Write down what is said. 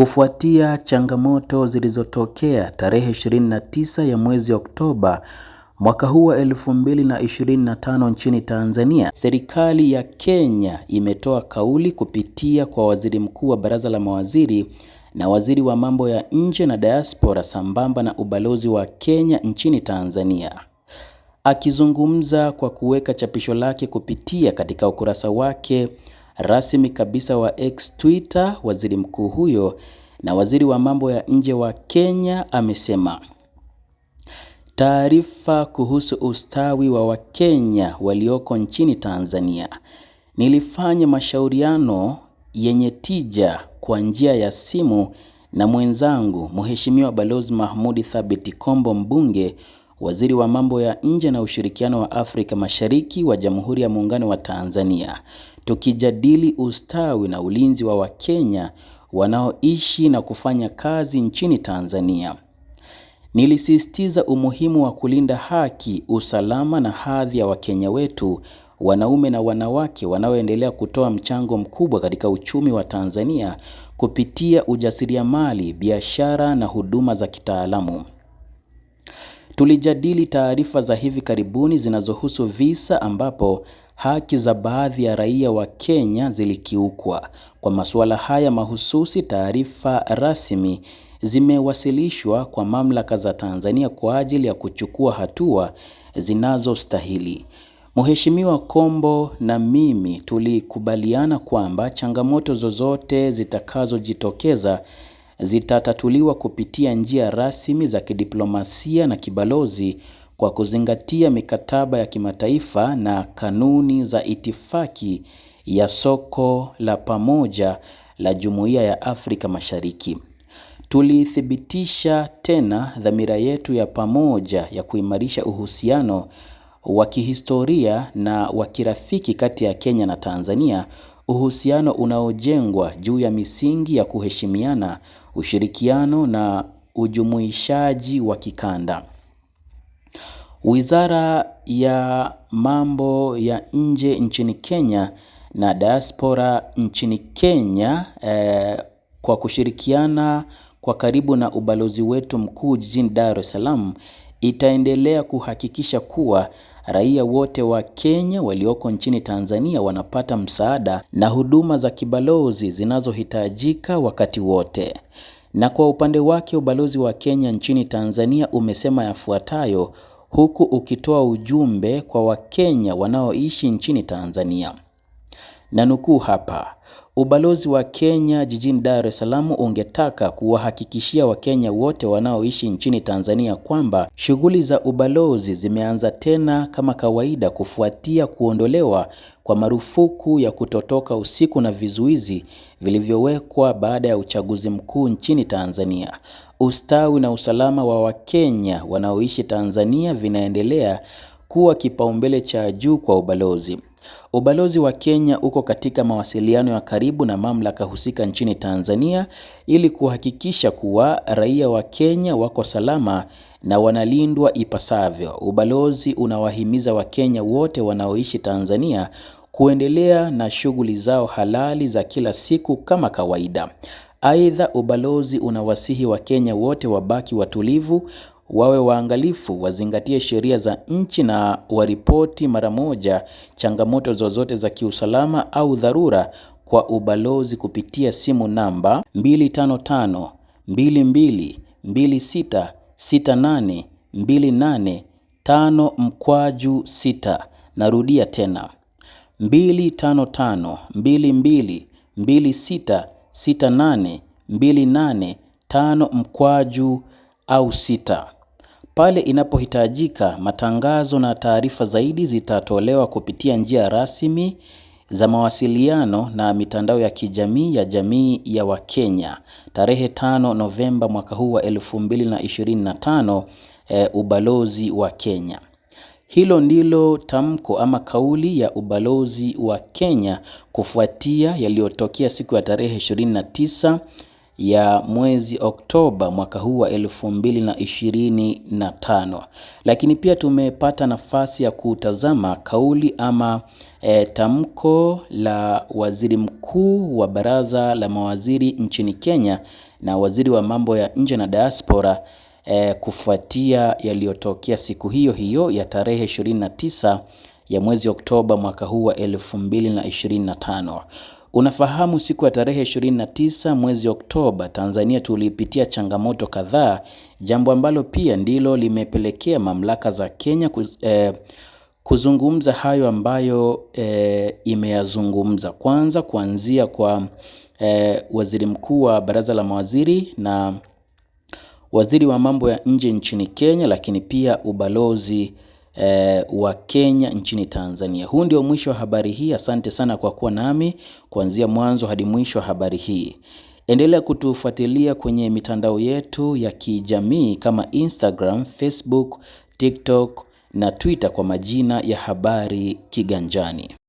Kufuatia changamoto zilizotokea tarehe 29 ya mwezi Oktoba mwaka huu wa 2025 nchini Tanzania, serikali ya Kenya imetoa kauli kupitia kwa waziri mkuu wa baraza la mawaziri na waziri wa mambo ya nje na diaspora sambamba na ubalozi wa Kenya nchini Tanzania. Akizungumza kwa kuweka chapisho lake kupitia katika ukurasa wake rasmi kabisa wa X Twitter. Waziri mkuu huyo na waziri wa mambo ya nje wa Kenya amesema taarifa kuhusu ustawi wa Wakenya walioko nchini Tanzania, nilifanya mashauriano yenye tija kwa njia ya simu na mwenzangu Mheshimiwa Balozi Mahmudi Thabiti Kombo, mbunge Waziri wa mambo ya nje na ushirikiano wa Afrika Mashariki wa Jamhuri ya Muungano wa Tanzania, tukijadili ustawi na ulinzi wa Wakenya wanaoishi na kufanya kazi nchini Tanzania. Nilisisitiza umuhimu wa kulinda haki, usalama na hadhi ya Wakenya wetu wanaume na wanawake wanaoendelea kutoa mchango mkubwa katika uchumi wa Tanzania kupitia ujasiriamali, biashara na huduma za kitaalamu. Tulijadili taarifa za hivi karibuni zinazohusu visa ambapo haki za baadhi ya raia wa Kenya zilikiukwa. Kwa masuala haya mahususi, taarifa rasmi zimewasilishwa kwa mamlaka za Tanzania kwa ajili ya kuchukua hatua zinazostahili. Mheshimiwa Kombo na mimi tulikubaliana kwamba changamoto zozote zitakazojitokeza zitatatuliwa kupitia njia rasmi za kidiplomasia na kibalozi kwa kuzingatia mikataba ya kimataifa na kanuni za itifaki ya soko la pamoja la Jumuiya ya Afrika Mashariki. Tulithibitisha tena dhamira yetu ya pamoja ya kuimarisha uhusiano wa kihistoria na wa kirafiki kati ya Kenya na Tanzania, uhusiano unaojengwa juu ya misingi ya kuheshimiana, ushirikiano na ujumuishaji wa kikanda. Wizara ya mambo ya nje nchini Kenya na diaspora nchini Kenya eh, kwa kushirikiana kwa karibu na ubalozi wetu mkuu jijini Dar es Salaam itaendelea kuhakikisha kuwa raia wote wa Kenya walioko nchini Tanzania wanapata msaada na huduma za kibalozi zinazohitajika wakati wote. Na kwa upande wake ubalozi wa Kenya nchini Tanzania umesema yafuatayo huku ukitoa ujumbe kwa Wakenya wanaoishi nchini Tanzania na nukuu hapa, ubalozi wa Kenya jijini Dar es Salaam ungetaka kuwahakikishia Wakenya wote wanaoishi nchini Tanzania kwamba shughuli za ubalozi zimeanza tena kama kawaida kufuatia kuondolewa kwa marufuku ya kutotoka usiku na vizuizi vilivyowekwa baada ya uchaguzi mkuu nchini Tanzania. Ustawi na usalama wa Wakenya wanaoishi Tanzania vinaendelea kuwa kipaumbele cha juu kwa ubalozi. Ubalozi wa Kenya uko katika mawasiliano ya karibu na mamlaka husika nchini Tanzania ili kuhakikisha kuwa raia wa Kenya wako salama na wanalindwa ipasavyo. Ubalozi unawahimiza Wakenya wote wanaoishi Tanzania kuendelea na shughuli zao halali za kila siku kama kawaida. Aidha, ubalozi unawasihi Wakenya wote wabaki watulivu wawe waangalifu, wazingatie sheria za nchi na waripoti mara moja changamoto zozote za kiusalama au dharura kwa ubalozi kupitia simu namba 255 22 26 68 28 5 mkwaju 6. Narudia tena 255 22 26 68 28 tano mkwaju au sita. Pale inapohitajika, matangazo na taarifa zaidi zitatolewa kupitia njia rasmi za mawasiliano na mitandao ya kijamii ya jamii ya Wakenya. Tarehe 5 Novemba mwaka huu wa 2025, e, eh, ubalozi wa Kenya. Hilo ndilo tamko ama kauli ya ubalozi wa Kenya kufuatia yaliyotokea siku ya tarehe 29 ya mwezi Oktoba mwaka huu wa elfu mbili na ishirini na tano. Lakini pia tumepata nafasi ya kutazama kauli ama e, tamko la waziri mkuu wa baraza la mawaziri nchini Kenya na waziri wa mambo ya nje na diaspora e, kufuatia yaliyotokea siku hiyo hiyo ya tarehe 29 ya mwezi Oktoba mwaka huu wa elfu mbili na ishirini na tano. Unafahamu siku ya tarehe 29 mwezi Oktoba, Tanzania tulipitia changamoto kadhaa, jambo ambalo pia ndilo limepelekea mamlaka za Kenya kuz, eh, kuzungumza hayo ambayo eh, imeyazungumza. Kwanza kuanzia kwa eh, waziri mkuu wa baraza la mawaziri na waziri wa mambo ya nje nchini Kenya, lakini pia ubalozi e, wa Kenya nchini Tanzania. Huu ndio mwisho wa habari hii. Asante sana kwa kuwa nami kuanzia mwanzo hadi mwisho wa habari hii. Endelea kutufuatilia kwenye mitandao yetu ya kijamii kama Instagram, Facebook, TikTok na Twitter kwa majina ya Habari Kiganjani.